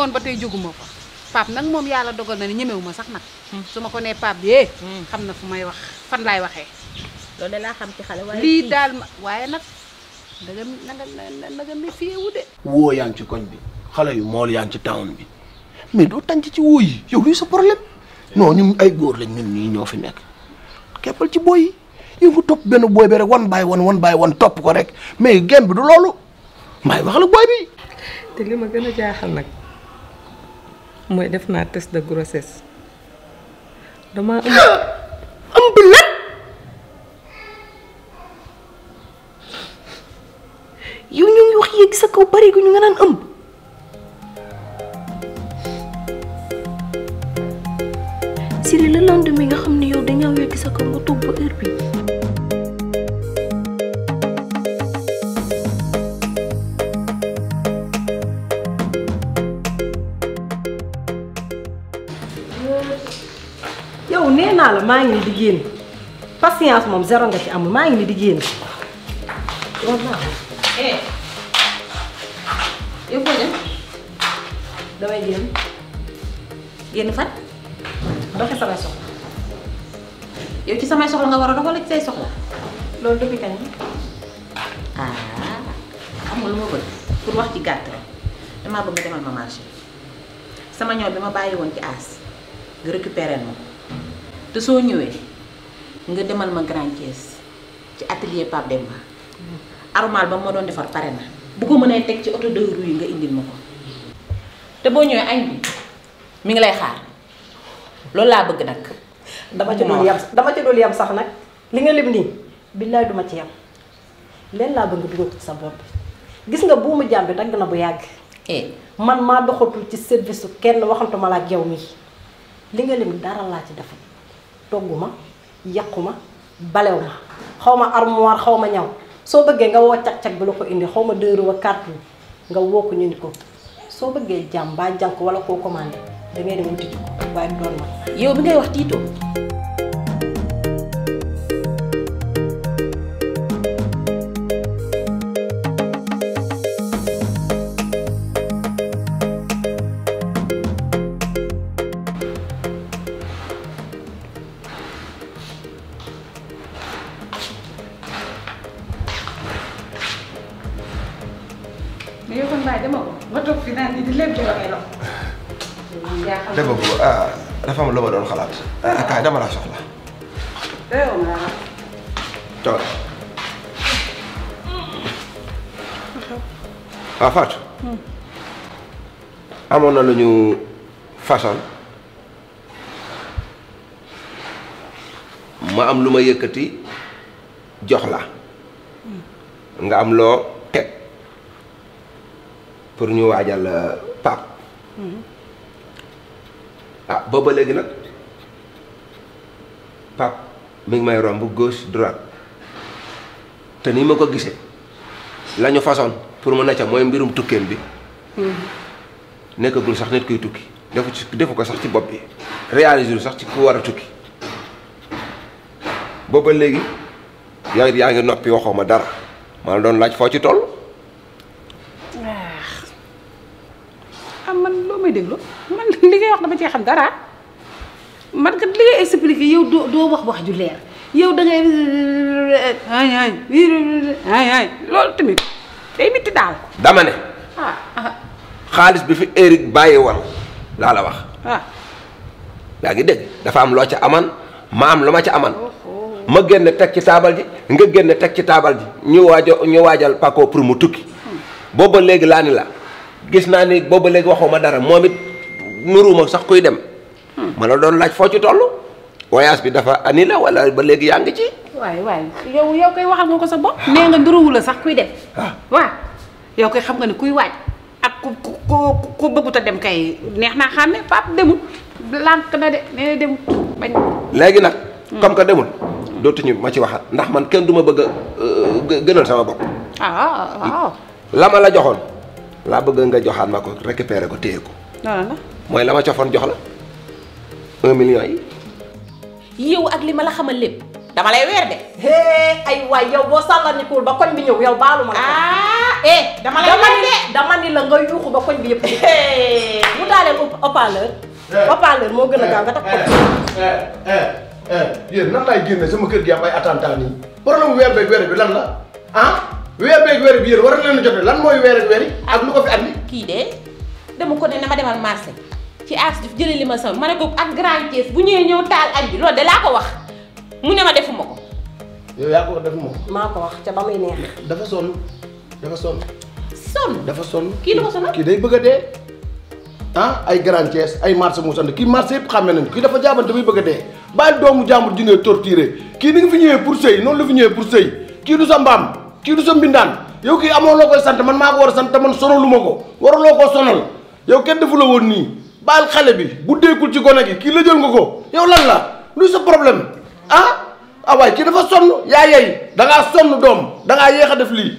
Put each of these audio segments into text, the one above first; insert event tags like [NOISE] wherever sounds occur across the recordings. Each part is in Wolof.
woon ba tey jóguma ko moom yàlla dogal na ni ñemewu ma sax nag hmm. su ko nee Pape bi hmm. xam na fu may wax fan laay waxee loolu laa xam ci xale waaye lii daal ma waaye nag naga naga naga méfié wu woo yaa ci koñ bi xale yu mool yaa ngi ci town bi mais doo tànc ci woo yi yow luy sa problème non ay góor lañ ñun ñii ñoo fi nekk keppal ci booy yi yow nga topp benn booy bi rek wan bàyyi wan wan bàyyi wan topp ko rek mais game bi du loolu maay wax la booy bi te li ma gën a jaaxal nag mooy def naa test de grossesse dama ëmb ëmb lan yow ñu ngi wax yéeg sa kaw bari gu ñu nga naan ëmb patience moom zéro nga ci amul maa ngi di génn eh yow foo dem damay génn génn fan doxe samay soxla kita ci samay nggak nga war a doxal ci say soxla ah kamu lu ma bëgg pour wax ci gàtt rek sama ñoom bi ma bàyyi as. ci aas nga récupéré nga demal ma Grand Thiès ci atelier Pape Demba armal ba ma doon defar pare na bu ko mënee teg ci oto de yi nga indil ma ko te boo ñëwee añ bi mi ngi lay xaar loolu laa bëgg nag. dafa ci dul yam dama ci yam sax nag li nga lim nii billaay duma ci yam leen laa bëgg dugal ko ci sa bopp gis nga buumu jàmbi bi dagg na bu yàgg. Eh. man maa doxatul ci service su kenn waxantuma la ak yow mii li nga lim dara laa ci defal togguma yàqu ma balew ma xaw ma armoire xaw ma ñaw soo bëggee nga woo cag-cag bi la ko indi xaw ma deux wa quatre nga woo ko ñu ni ko soo bëggee jàmm baa jànk wala koo commandé da ngay dem waaye doon ma yow bi ngay wax tiitoo noonu la ñu façon ma am lu ma yëkkati jox la nga am loo teg pour ñu waajal euh, pap hmm. ah ba léegi nag pap mi ngi may romb gauche droite te ni ma ko gisee la ñu pour mu mooy mbirum tukkeem bi hmm. nekkagul sax nit koy tukki defu ci defu ko sax ci bopp bi réalisé sax ci ku war a tukki booba léegi yaa ngi yaa ngi noppi waxoo ma dara maa la doon laaj foo ci toll. ah, ah man loo may déglu man li ngay wax dama cee xam dara man kat li ngay expliqué yow doo doo wax wax ju leer yow da ngay ay ay loolu tamit day mitti daal. dama ne. Ah, ah. xaalis bi fi Eric bàyyi woon laa la wax. Ah. yaa ngi dégg dafa am loo ca aman ma am lu ma ca aman ma génn teg ci taabal ji nga génn teg ci taabal ji ñu waajo ñu waajal Paco pour mu tukki hmm. booba léegi laa ni la gis naa ni booba léegi waxuma dara moom it nuruma sax kuy dem hmm. ma la doon laaj foo ci toll voyage bi dafa annulé walla ba léegi yaa ngi ci waay waay yow yow koy waxal nga ko sa bopp nee nga nuruwu la sax kuy dem ah. waaw yow koy xam nga ne kuy waaj ak ko ku ku bëggut dem kay neex naa xam ne pap demul lànk na de nee demul bañ. léegi nag. Hmm. comme que demul. dootuñu ma ci waxaat ndax man kenn du ma bëgg a euh, gënal sama bopp. ah, ah, ah, ah. Hmm. la ma la joxoon laa bëgg nga joxaat ma ko récupérer ko téye ko. la mooy la ma cofoon jox la un million yi. yow ak li ma la xamal lépp. dama lay weer de. hee ay waay yow boo sàllanikuwul ba koñ bi ñëw yow baalu ma. ah eh dama lay weer de dama ni la nga yuuxu ba koñ bi yëpp. bu daalee haut-parleur. haut-parleur eh. moo gën a gaaw nga takk ko. Eh, eh, yéen nan laay génne sama kër gi am ay attentat nii problème weer beeg weer bi lan la ah weer beeg weer bi yéen war na leen jote lan mooy weer ak weer yi ak lu ko fi andi. kii de dama ko ne na ma demal marché ci as jëlee li ma saw ma ne ko ak grand Thiès bu ñëwee ñëw taal añ bi loolu de laa ko wax. mu ne ma defuma ko. yow ya ko defuma mako maa wax ca bamay neex. dafa son dafa son son dafa son ki son ki day bëgg han ah ay garanties ay marché mu sonn ki marché yëpp xàmme nañu kii dafa jaabante muy bëgg a dee doomu jambour ji ngay torturé kii ni nga fi ñëwee pour sey non la fi ñëwee pour sey ki du sa mbam ki du sa mbindan yow ki amo loo koy sant man mako wara war a sant man sonaluma ko waraloo koo sonal yow kenn defu la won ni bal xale bi bu ci gona gi ki la jël nga ko yow lan la lu sa problème. ah ah waay kii dafa sonn yaa yey da sonn doom da ngaa yéex a def lii.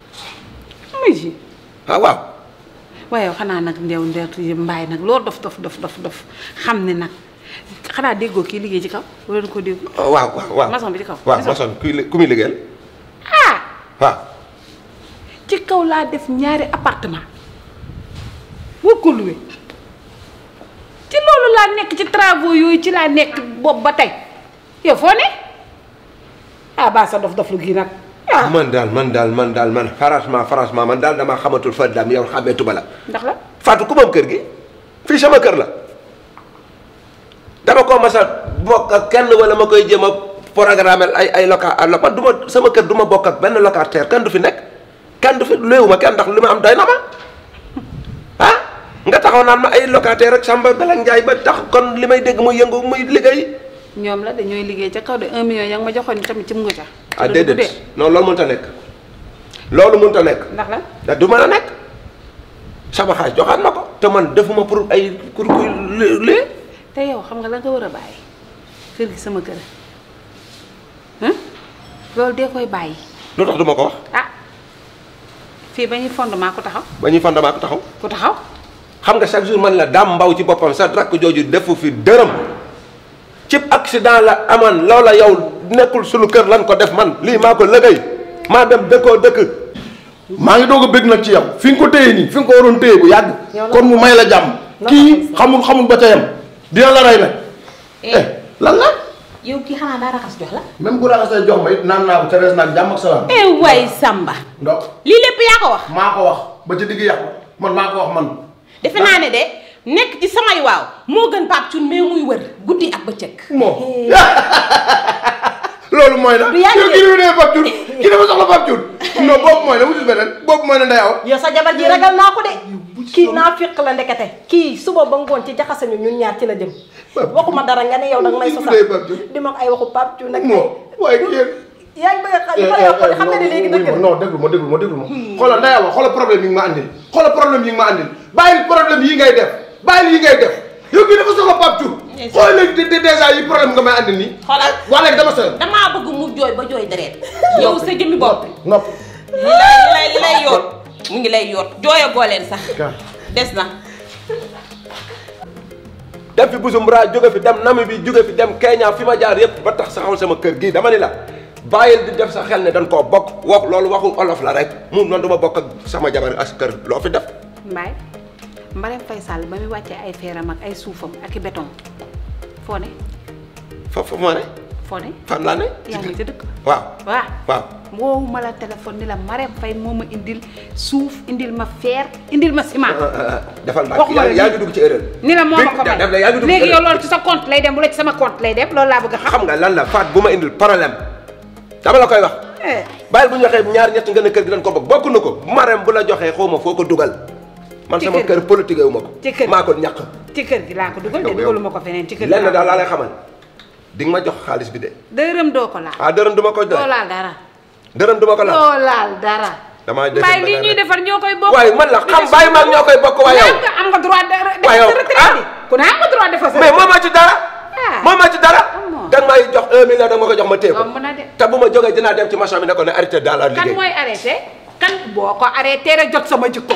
muy ji. Ah, waaw. waaye xanaa nag ndew ndeetu yi mbaay nag loo dof dof dof dof dof xam ne nag xanaa déggoo kii liggéey ci kaw wala ah, waaw waaw waaw maçon bi ci kaw. waaw maçon kuy ku muy liggéeyal. ah. waaw. ci kaw laa def ñaari appartement war ko luwe ci loolu laa nekk ci travaux yooyu ci laa nekk boobu ba tey yow foo ne. ah sa dof dof lu nag ah. man daal man daal man daal man franchement franchement man daal damaa xamatul Fatou Dame yow xàmmeetu ba ndax la Fatou ku moom kër sama kër la dama ko mas a bokk ak kenn wala ma koy jéem a programme ay ay loca à ma sama kër du ma bokk ak benn locataire kenn du fi nekk kenn du fi léewuma kenn ndax li ma am doy na ma ah nga taxaw naan ma ay locataire ak Samba Bala Ndiaye ba tax kon li may dégg muy yëngu muy liggéey. ñoom la dañooy liggéey ca kaw de 1 million yaa ngi ma joxoon tamit ci mu nga ca. ah de non loolu mënut a nekk. loolu mënut a nekk. ndax la du man a nekk. sama xaalis joxaat ma ko te man defuma pour ay kur kuy lee. te yow xam nga la nga war a bàyyi kër gi sama kër loolu dee koy bàyyi. lu tax duma ko wax. ah fii ba ñuy fondement ku taxaw. ba ñuy fondement ku taxaw. ku taxaw. xam nga chaque jour man la daam mbaw ci boppam sa rakk jooju defu fi dërëm. cib accident la aman loola yow nekkul suñu kër lan ko def man lii maa ko lëgëy maa dem dëkkoo dëkk maa ngi doog a bëgg na ci yow fi nga ko téye nii ko waroon téye bu kon mu may la jàmm kii xamul xamul ba ca yam dina la rey nag eh, eh lan la jox la même bu naa ko ca res naan jàmm ak eh wax maa ko wax ba ci digg yàqu man maa ko wax man defe naa ne de Nek ci samay waw mo gën pap Thioune me muy wër goudi ak bëccëg. mo [LAUGHS] lolou moy la. du yaa ngi dégg kii Pape Thioune kii dafa soxla pap Thioune no bop moy la wutul benen bop moy la nday aw yo sa jabar ji ragal nako ko de. kii naa la ndekete ki suba ba ngon ci jaxase ñu ñun ñaar ci la jëm waxuma dara nga ne yow may sosa di mak. ay waxu Pape Thioune nag waaye kii yaa ngi bëgg Kalau eh, eh, xam xam eh, ne ne léegi dëgg non hmm. andil andil bayli ngay def yow gi dafa soxla Pape Diouf. xool de deja yi problème nga may andi ni xoolal waa léegi dama soxla. damaa bëgg mu joy ba joy deret. yow sa jëmi bop nop lay lay lay yoot mu ngi lay yoot jooyagoo leen sax. des na. dem fi ra joge fi dem bi joge fi dem Kenya fi ma jaar yëpp ba tax saxawul sama kër gi dama ni la bayel di def sa xel ne dan ko bok wax lolou waxul olof la rek mom non duma bok ak sama jabar askar lo fi def. bay Marème Faye Sall ba muy wàccee ay feeram ak ay suufam ak i béton foo ne. fa foofu moo ne. foo ne fan laa ne. yaa ngi ci dëkk waaw. waaw waaw. woowu ma la téléphone ni la Marème Faye moo ma indil suuf indil ma fer indil ma ciment. Euh, euh, euh, defal ma yaa ngi dugg ci erreur. ni la moo ma ko may léegi yow loolu ci sa compte lay dem bu la ci sama compte lay dem loolu laa bëgg a xam. xam nga lan la Faat bu ma indil problème dama la koy wax. Eh. bàyyil bu ñu waxee ñaar ñett nga ne kër gi dañ ko bokk bokk na ko Marème bu la joxee xaw ma foo ko dugal. man sama kër politique wu mako mako ñak ci kër gi la ko duggal de duggal mako feneen ci kër lenn daal lay xamal di nga ma jox xaaliss bi de. deureum do ko la ah deureum duma ko laal doo laal dara. deureum duma ko laal doo laal dara. dama def bay li ñuy defar ñokoy bokk. way man la xam bay ma ñokoy bokk way yow. am nga droit de retraite ko na am nga droit de sa mais moo ma ci dara. Ah. moo ma ci dara. dang may jox 1 million danga ko jox ma teeku ko. te bu ma dem ci machine bi ne ko ne arrêté daal. Kan liggéey kan moy arrêté. kan boko arrêté rek jot sama jikko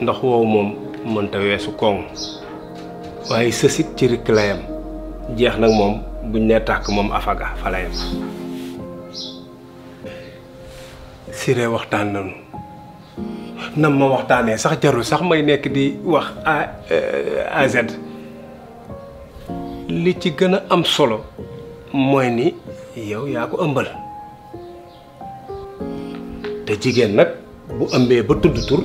ndox woowu moom mënta weesu koŋ waaye sësit ci rikk la yam jeex nag moom buñ ne tàkk moom afaga fa la siré waxtaan nanu nam ma waxtaanee sax jarul sax may nekk di wax a eh, az li ci gën am solo mooy ni yow yaa ko ëmbal te jigéen nag bu ëmbee ba tudd tur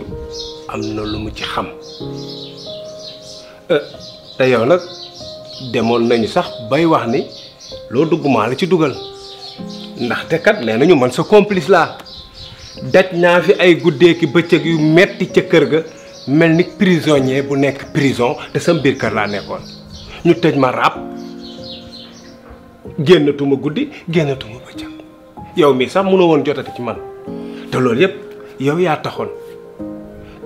amna lu mu ci xam eh, te yow nak demone nañu sax bay wax ni lo dugg maa la ci dugal te kat nee man sa complice la daj na fi ay guddeeki bëccëg yu metti ci kër ga melni prisonnier bu nek prison te sam bir kër la nekkoon ñu tej ma rap gennatuma goudi gennatuma bëccëg yow mi sax mënoo won jotati ci man te lool yépp yow ya taxone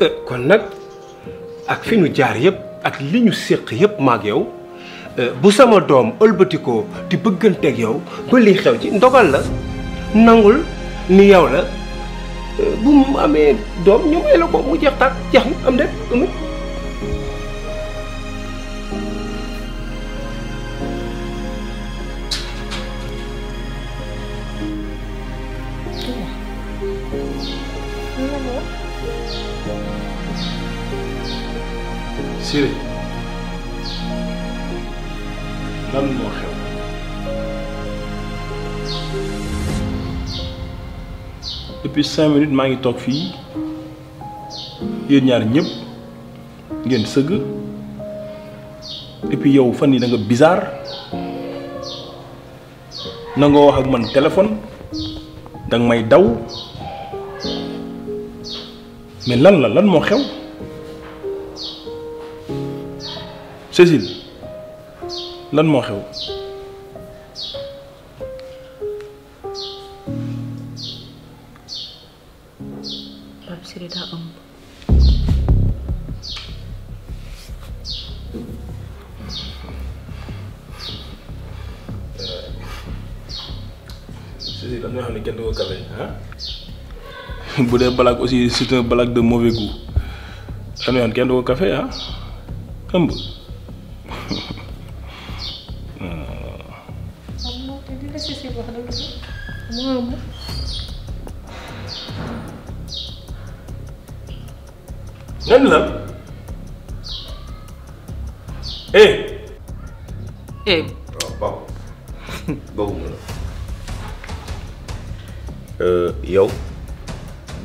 Euh, kon nag ak fi ñu jaar yëpp ak li ñu séq yëpp maag yow euh, bu sama doom ëlbatikoo di bëgganteeg yow ba lii xew ci ndogal la nangul ni yow la euh, bu mu amee doom ñu may la ko mu jeex tàkk jeex na am de depuis 5 minutes maa ngi toog fii yéen ñaar ñëpp ngeen sëgg et puis yow fan yi da nga bizarre na nga wax ak man téléphone da nga may daw mais lan la lan moo xew Cécile lan moo xew aussi c'est un blague de mauvais goût xanaa yoon kenn du ko café ah ëmb. nan la. eh. eh. Ah, bon [LAUGHS] Euh.. yow.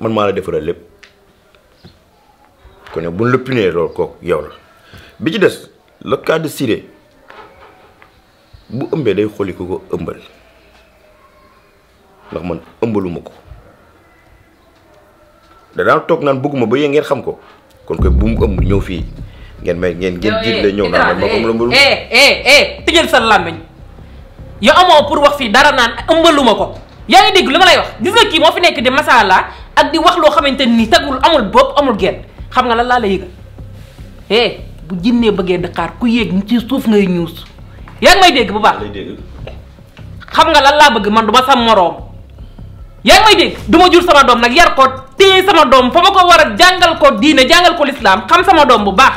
man maa la defaral lépp kon buñ le piné la punee orang, yow la bi ci dess le cas de ciré bu ëmbé day xoli ko ko ëmbal ndax man ëmbaluma da na tok nan bëgguma ba yee xam ko kon koy bu mu ëmb ñëw fi ngeen may ngeen ngeen eh, jiitle ñëw naan ma ko eh, eh, eh tëjal sa làmmiñ yo amo pour wax fi dara nan ëmbaluma ko yaa ngi dégg lu ma lay wax gis nga kii moo fi nekk di masala ak di wax lo xamanteni ni tagul amul bop amul genn xam nga lan la lay yëgal eh bu jinnee bëggee Dakar ku ni ci suuf ngay ñuus yaa ngi may dégg bu baax. xam nga lan la bëgg man duma sam morom ya ngay dégg jur sama dom nak yar ko téye sama dom, fa ma ko war jangal ko diine jangal ko l'islam xam sama dom bu baax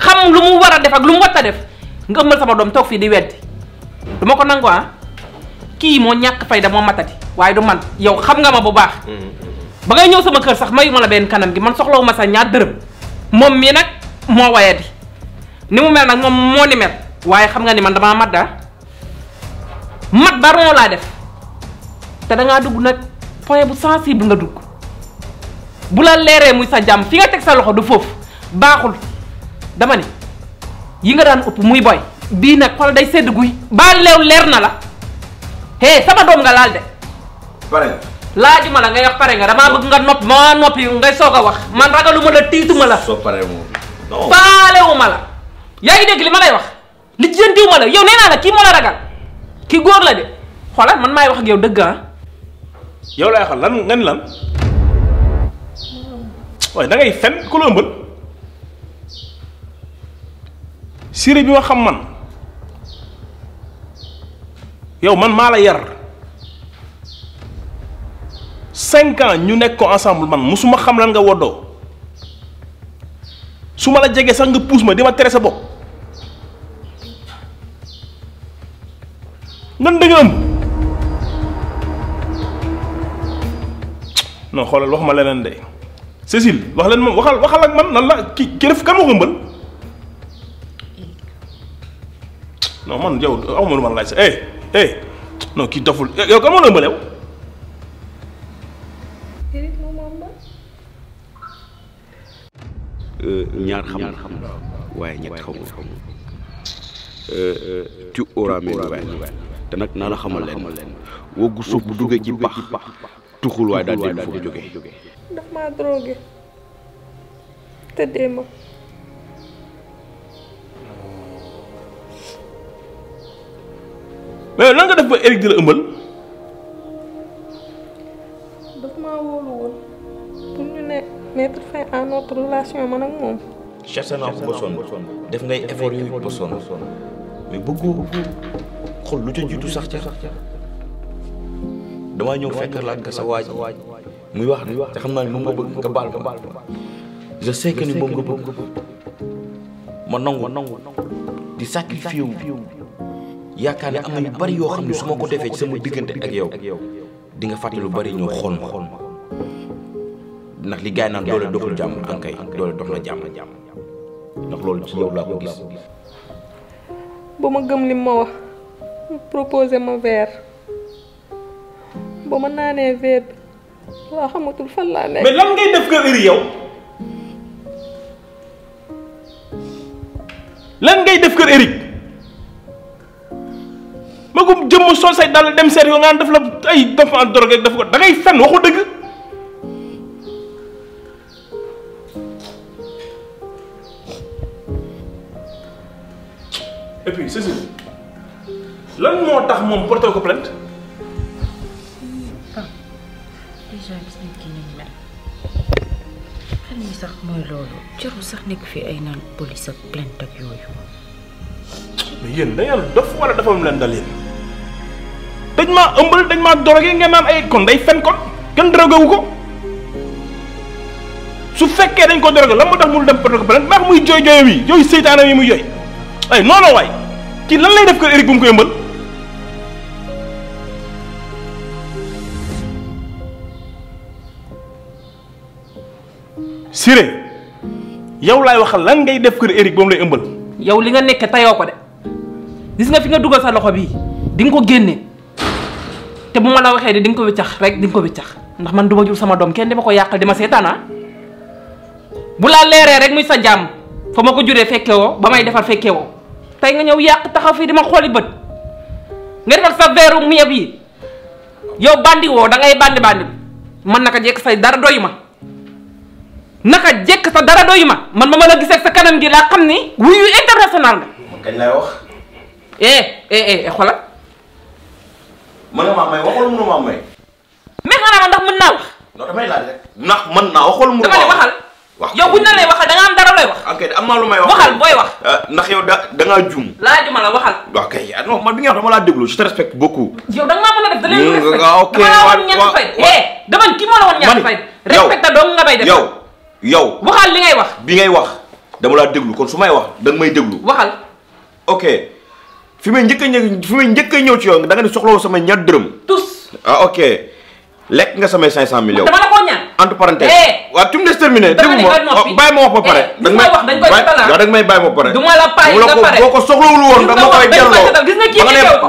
xam lu mu wara def ak lu mu wata def nga ëmmal sama dom tok fi di weddi duma ko nangoo ah mo ñak fayda mo matati waye du man yow xam nga ma bu baax. Mm-hmm ba ngay ñew sama kër sax mayuma la ben kanam gi man soxlawuma sa ñaar mom mi nak mo waye wayadi ni mu mel nak mom mo ni mel waye xam nga ni man dama mat da mat ron la def te da nga dugg nak point bu sensible nga dugg bu la léré muy sa jàmm fi nga tek sa loxo du fof baxul dama ni yi nga daan upp muy boy bi nak xol day sedd guy baa leew lerr na la hé sama dom nga laal de laajuma la ngay wax pare nga dama bëgg nga nopp ma noppi ngay soga wax man ragaluma la tiituma la so pare mo faalewuma wu mala ya, ngi dégg li ma lay wax li jëntiwuma mala yow nee la ki mo la ragal ki goor la de xolal man may wax ak yow dëgg ha yow lay xal kan, lan nga lan way da ngay fenn ko lombal ëmbal siri bi ma xam man yow man mala yar 5 ans ñu nekk ko ensemble man musuma xam lan nga wodo suma la jégué sax nga pousse ma dima téré sa bok nan da nga am non xolal wax ma leneen de Cécile wax len mom waxal waxal ak man nan la ki keref kan mo gëmbal non man yow awma lu man laaj eh eh non ki doful yow kan mo lembalew Euh, ñaar xam nga waaye ñett xaw ma euh, euh, tu auras te nag naa la xamal leen woggu suuf bu duggee ci pax tuxul waaye daal dellu fu mu jógee ndax maa drogué tëddee ma mais lan def ba Eric di la ëmbal mettre fin à notre relation man ak moom. cherché naa ko bosoon def ngay effort yu bosoon mais bëggoo xool lu ca jiitu sax ca damaa ñëw fekk la ak sa waaj muy wax ne te xam naa nga bëgg nga je sais que ni nga bëgg ma di sacrifié wu am na yu bari ko ci sama ak yow di nga lu bari ma ndax li gaay naan doole jam jàmm ankay doole dox jam, jàmm ndax loolu ci yow laa ko gis ba ma gëm li ma wax proposé ma verre ba ma naanee verre bi laa xamatul fan laa nekk mais lan ngay def nga ëri yow lan ngay def kër Eric magum jëm sol say dal dem ser yo nga def la ay dafa drogue def ko da ngay fenn waxu deug et puis Cécile lan moo tax moom porté ko plainte. ah déjà gis nañ ki ni mel xel yi sax mooy loolu jarul sax nekk fi ay naan police ak plainte ak yooyu. mais yéen da ngeen dof wala dafa am leen dal dañ dañ ngeen ay kon day fen kon kenn drogewu ko su fekkee dañ ko dorogee lan tax mu dem porté ko plainte baax muy jooy jooyam muy ay eh, non non way ki lan lay def ko Eric bu ngui yembal yëmbal Siré yow lay waxal lan ngay def ko Eric bu ngui yembal yow li nga nek tayo ko de gis nga fi nga duggal sa loxo bi di nga ko genné té buma la waxé di nga ko wëccax rek di nga ko wëccax ndax man duma jul sama dom. kenn dama ko yakal dama seetaan ha ah. bu la léré rek muy sa jàmm fa ma ko juree fekke woo ba tay nga ñew yak taxaw fi dima xoli beut ngir nga sa veru miya bi yow bandi wo da ngay bandi bandi man naka jek say dara doyuma naka jek sa dara doyuma man ma mala a gisee sa kanam gi la xamni wuyu international nga kañ lay wax eh eh eh, eh xolal man ma maa may waxal mënu ma may mais xanaa man ndax mën na wax non damay laaj rek ndax mën naa waxal mënu ma waxal wax yow buñ na ya, lay waxal da nga am dara lay ya, wax ok am na lu may wax waxal boy wax eh, ndax ya yow da nga jum la laajuma la waxal ok non man bi nga wax dama la deglu je te respecte beaucoup yow da nga ma def da lay respect ok wa wa eh dama ki mo la won ñaan fay respecte do nga bay def yow yow waxal li ngay wax bi ngay wax dama la deglu kon su may wax da ngay deglu waxal ok fi may njëkk ñëw fi may njëkk ñëw ci yow da nga ni soxlo sama ñaar deureum tous ah ok lek nga sama 500 millions dama la ko ñaan entre parenthèse. Eh, waaw tu me laisses terminer. dama ne ma noppi oh, bàyyi ma wax ba pare. Eh, da may bàyyi ma pare. du la bàyyi ba pare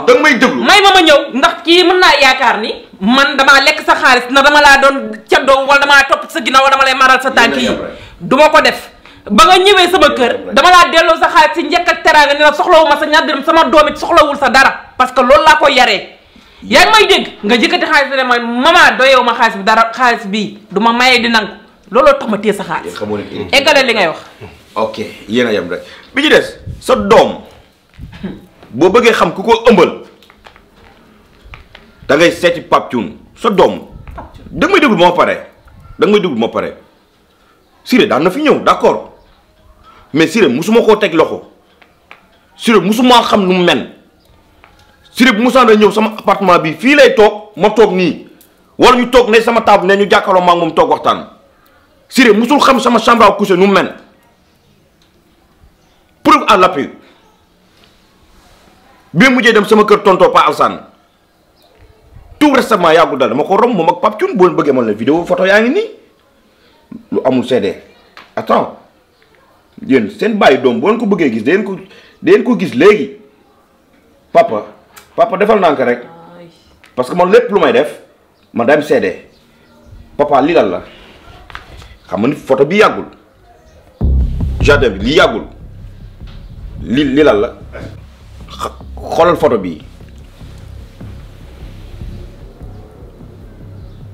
boo may déglu. may ma ma ñëw ndax kii mën naa yaakaar ni. man damaa lekk sa xaalis na dama laa doon caddoo wala damaa topp sa ginnaaw wala dama lay maral sa tànk yi du ma ko def. ba nga ñëwee sama kër dama laa delloo sa xaalis si njëkk ak teraanga ne la soxlawuma sa ñaar dërëm sama doom it soxlawul sa dara parce que loolu laa ko yaree yaa may dégg nga jëkkati xaalis bi ne ma maman doyewu ma xaalis bi dara xaalis bi du ma di nangu looloo tax ma téye sa xaalis. eggale li ngay wax. ok yéen a yem rek bi ci des sa doom boo bëggee xam ku ko ëmbal dangay seeti Pape sa doom da nga may déglu moo pare da nga may déglu moo pare Siré daan na fi ñëw d'accord mais Siré mosuma koo teg loxo Siré mosuma xam nu mu mel. sirip musa na ñew sama appartement bi fi lay tok ma tok ni war ñu tok ne sama table ne ñu jakkalo ma mom tok waxtan sirip musul xam sama chambre à coucher nu mel preuve à l'appui bi mu dem sama kër tonto pa alsan tout récemment yagul dal mako rom mom ak pap tune bo bëggé man la vidéo photo yaangi ni lu amul cd attends yeen sen baye dom bo ko bëggé gis den ko den ko gis légui papa papa defal naa ko rek parce que man lépp lu may def man daam seede papa lii lan la xam nga ni photo bi yàggul jardin bi lii yàggul li li lan la xoolal photo bi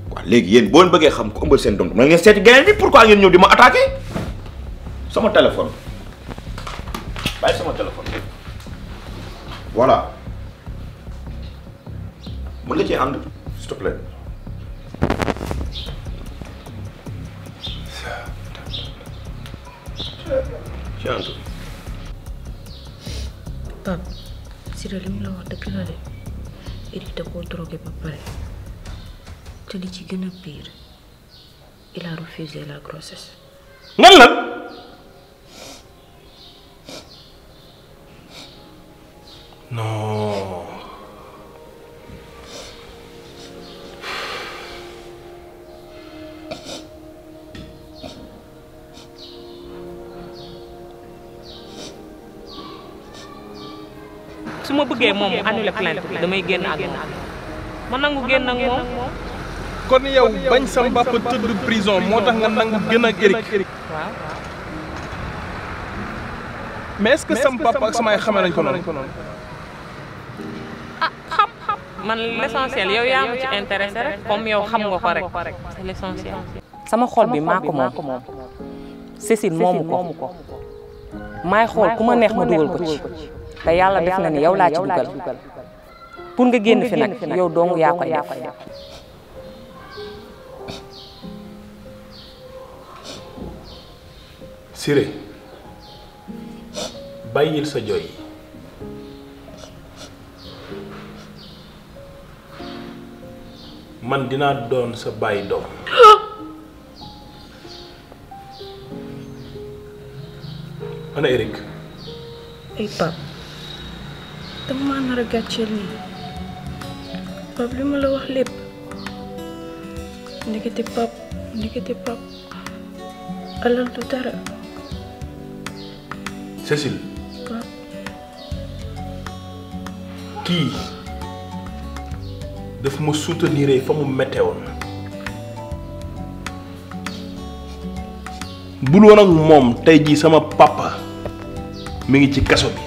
waaw léegi yéen boo leen bëggee xam ko ëmbal seen doom na ngeen seeti geneen bi pourquoi ngeen ñëw di ma attaqué sama téléphone bàyyi sama téléphone voilà mën nga cee ci ànd. Pape Sira li mu la wax dëgg la de Eric da koo drogué ba pare te li ci gën a pire il a la grossesse. nan la. buggee mom mu annulé plainte bi damay génn ak moom ma nangu génn ak moom kon yow bañ sa mbap tëdd prison motax nga nang gën ak Eric mais est-ce que sa mbap ak samay xamé nañ ko non ah, man l'essentiel yow yaa ma ci intéressé rek comme yow xam nga ko rek c'est l'essentiel sama xol bi mako mom Cécile moomu ko maay xool neex ma duggal ko ci ta yalla def na ni yow la ci duggal pour nga genn fi nak yow dong ya koy def sire bayil sa joy man dina don sa bay doom ana Eric ay pap teman harga ragazzelli lip. Ini kita pop, pap kita pap Alam tu tara. Cecil Pop. Ki. Def mo soutenir fa mu won. bul won ak mom tay ji sama papa mi ngi ci kasso bi